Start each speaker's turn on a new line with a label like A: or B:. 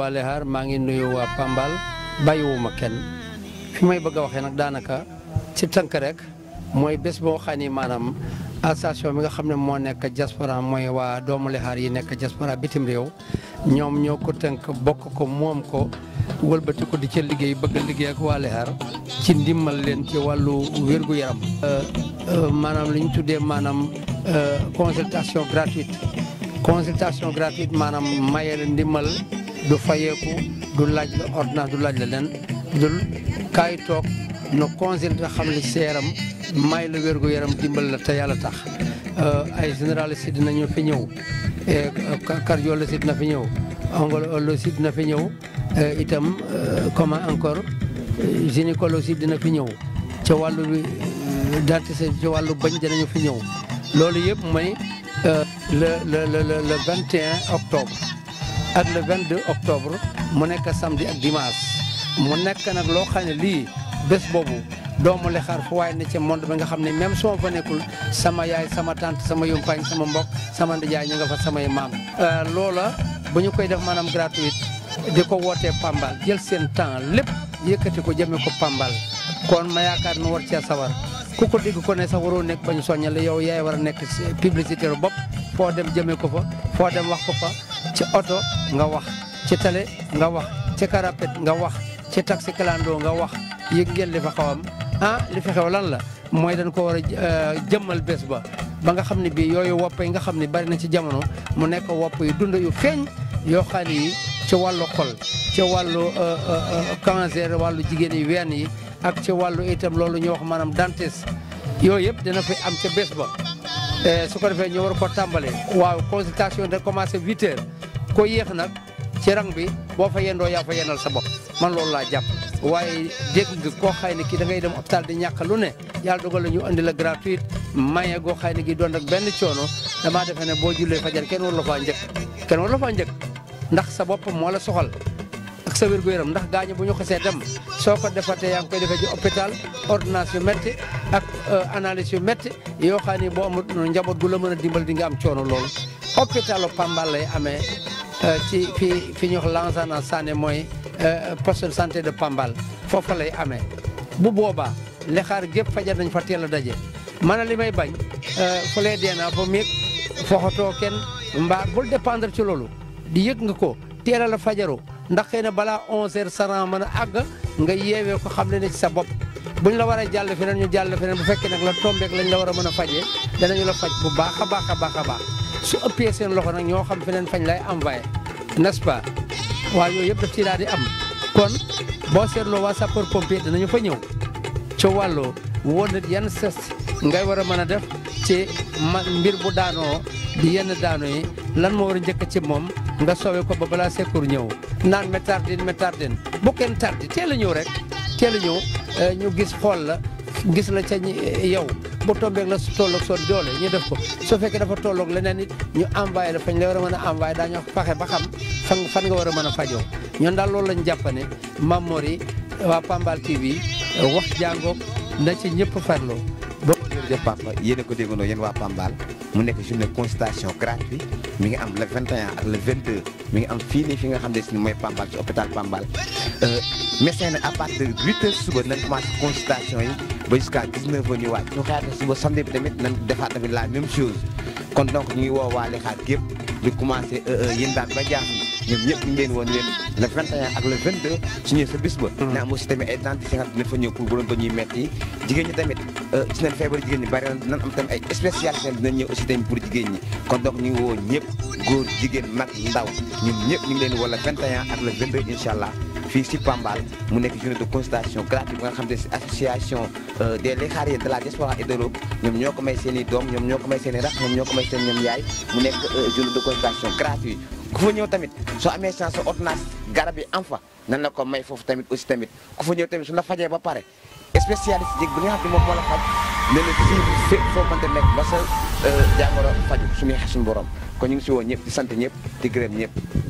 A: Waly Har maa ngi nuyu waa Pambal bàyyiwuma kenn fi may bëgg a waxee nag daanaka ci tënk rek mooy bés boo xam maanaam association bi nga xam ne moo nekk diaspora mooy waa doomu Lexaar yi nekk diaspora bitim réew ñoom ñoo ko tënk bokk ko moom ko wëlbati ko di ci liggéey bëgg a liggéey ak waa Lexaar ci ndimmal leen ci wàllu wér-gu-yaram. Euh, euh, maanaam li ñu tuddee maanaam euh, consultation gratuite consultation gratuite maanaam maye la ndimmal. du fayeeku du laaj la ordonnance du laaj la leen dul kaay toog na conseil nga xam ne sa yaram may la wér yaram dimbal la te yàlla tax euh, ay généraliste dinañu fi ñëw cardiologiste dina fi ñëw angologiste dina fi ñëw itam euh, comment encore gynécologiste dina fi ñëw ca wàllu euh, dentiste ci wàllu bañ dinañu fi ñëw loolu yëpp mooy le le le le 21 octobre ak le 22 octobre mu nekk samedi ak dimanche mu nekk nag loo xam ne lii bés boobu doomu lexaar fu waaye ne ci monde bi nga xam ne même suma fa nekkul sama yaay sama tante sama yumpaañ sama mbokk sama ndijaay ñu nga fa samay maam euh, loola bu ñu koy def maanaam gratuite di ko wootee Pambal jël seen temps lépp yëkkati ko jëmee ko Pambal kon ma yaakaar nu war cee sawar ku ko dégg ko ne sax waroo nekk ba ñu soññale yow yaay war a nekk publicité bopp foo dem jëmee ko fa foo dem wax ko fa ci oto nga wax ci tale nga wax ci karapet nga wax ci taxi clando nga wax yëg ngeen li fa xawam ah li fexew lan la mooy dañ ko war a euh, jëmmal bés ba ba nga xam ne bii yooyu wopp yi nga xam ni bari na ci jamono mu nekk wopp yi dund yu feeñ yoo xam yi ci wàllu xol ci wàllu euh, euh, cancer wàllu jigéen yi ween yi ak ci wàllu itam loolu ñu wax maanaam dentiste yooyu yëpp dana fi am ca bés ba su ko defee ñu war ko tàmbali waaw consultation de commencé 8 ko nak nag ci rang bi bo fa yendoo yaa fa yenal sa man lol la jàpp waye dégg nga koo xay ne kii da ngay dem hôpital di ñàkk lu ne yàlla dogal la ñu andi la gratuite maye goo xay ne gi doon ak benn coono damaa defe ne boo jullee fajar kenn war la faa njëkk kenn war la faa ndax sa bopp moo la soxal ak sa wér gu ndax gaañu bu ñu dem soo ko defatee koy ci ordonnance yu ak euh, analyse yu métti yoo xam bo amul njaboot gu la mën dimbal di nga am coono loolu hôpitalu Pambal lay Euh, ci fi fi ñuy wax Lansana Sané mooy euh, poste de santé de Pambal foofa lay amee bu boobaa lexaar jëpp fajar nañ fa teel a daje man li may bañ euh, fu lee dee naa fa méeg foxatoo kenn mbaa bul dépendre ci loolu di yëg nga ko teel a la fajaru ndax xëy na balaa 11h saran mën a àgg nga yeewee ko xam ne ne ci sa bopp buñ la war a jàll feneen ñu jàll feneen bu fekkee nag la tombeek lañ la war a mën a fajee danañu la faj bu baax a baax a baax a baax su ëppee seen loxo nag ñoo xam feneen fañ lay envoyé n'est-ce pas waaye yooyu yëpp daf ciy daal di am kon boo seetloo waa sapeur pompier danañu fa ñëw ca wàllu woon nit yan ses ngay war a mën a def ci mbir bu daanoo di yenn daano yi lan moo war a njëkk ci moom nga soowee ko ba balaa secours ñëw naan ma tardin ma tardin bu kenn tardi teel a ñëw rek teel ñëw euh, ñu gis xool la gis la ca yow bu tombeeg la tolloog soo doole ñu def ko su fekkee dafa tolloog leneen it ñu envoyé fañ la war a mën a envoyé daañu faxe ba xam fan fan nga war a mën a fajoo ñun daal loolu lañ jàpp ne
B: Mame Mor yi waa Pambal TV wax jàngoog na ci ñëpp farloo. jërëjëf Papa yéen a ko déggandoo yéen waa Pambal. mu nekk journée consultation gratuite mi ngi am la le 21 ak le 22 mi ngi am fii nii fi nga xam ne si mooy Pambal ci hôpital Pambal euh, médecin nag à partir de suba nañ commencé consultation yi ba jusqu'à 19 heures ñu wàcc ñu xaar na suba samedi bi tamit nan defaat tamit la même chose kon donc ñu ngi woowaale xaar gépp di commencé euh, euh, yëndaan ba jaaxal. ñoom ñëpp ñu woon leen le 21 ak le 22 su ñëwee sa ba mm. na am aussi tamit ay denti si nga xam ne fa ñëw pour bu doon doon ñuy metti jigéen ñi tamit euh, ci neen feebar jigéen ñi bari na dinañ am tamit ay spécialité dinañ ñëw aussi tamit pour jigéen ñi kon donc ñu ngi woo ñëpp góor jigéen mag ndaw ñoom ñëpp ñu ngi leen wala 21 ak le 22 incha allah fii si Pambal mu nekk journée de consultation gratuite bu nga xam ne si association euh, des de la diaspora et de l'Europe ñoom ñoo ko may seen i doom ñoo ko may seen i rakk ñoom ñoo ko may seen ñoom yaay mu euh, ku fa tamit soo amee chance sa ordonnance garab yi am fa nan la ko may foofu tamit aussi tamit ku fa ñëw tamit su la fajee ba pare spécialiste jéeg bi nga xam ne moom moo la faj ne la fii fépp foo mënta nekk ba sa euh, jàngoro faju suñuy xasum borom kon ñu ngi si woo ñëpp di sant ñëpp di gërëm ñëpp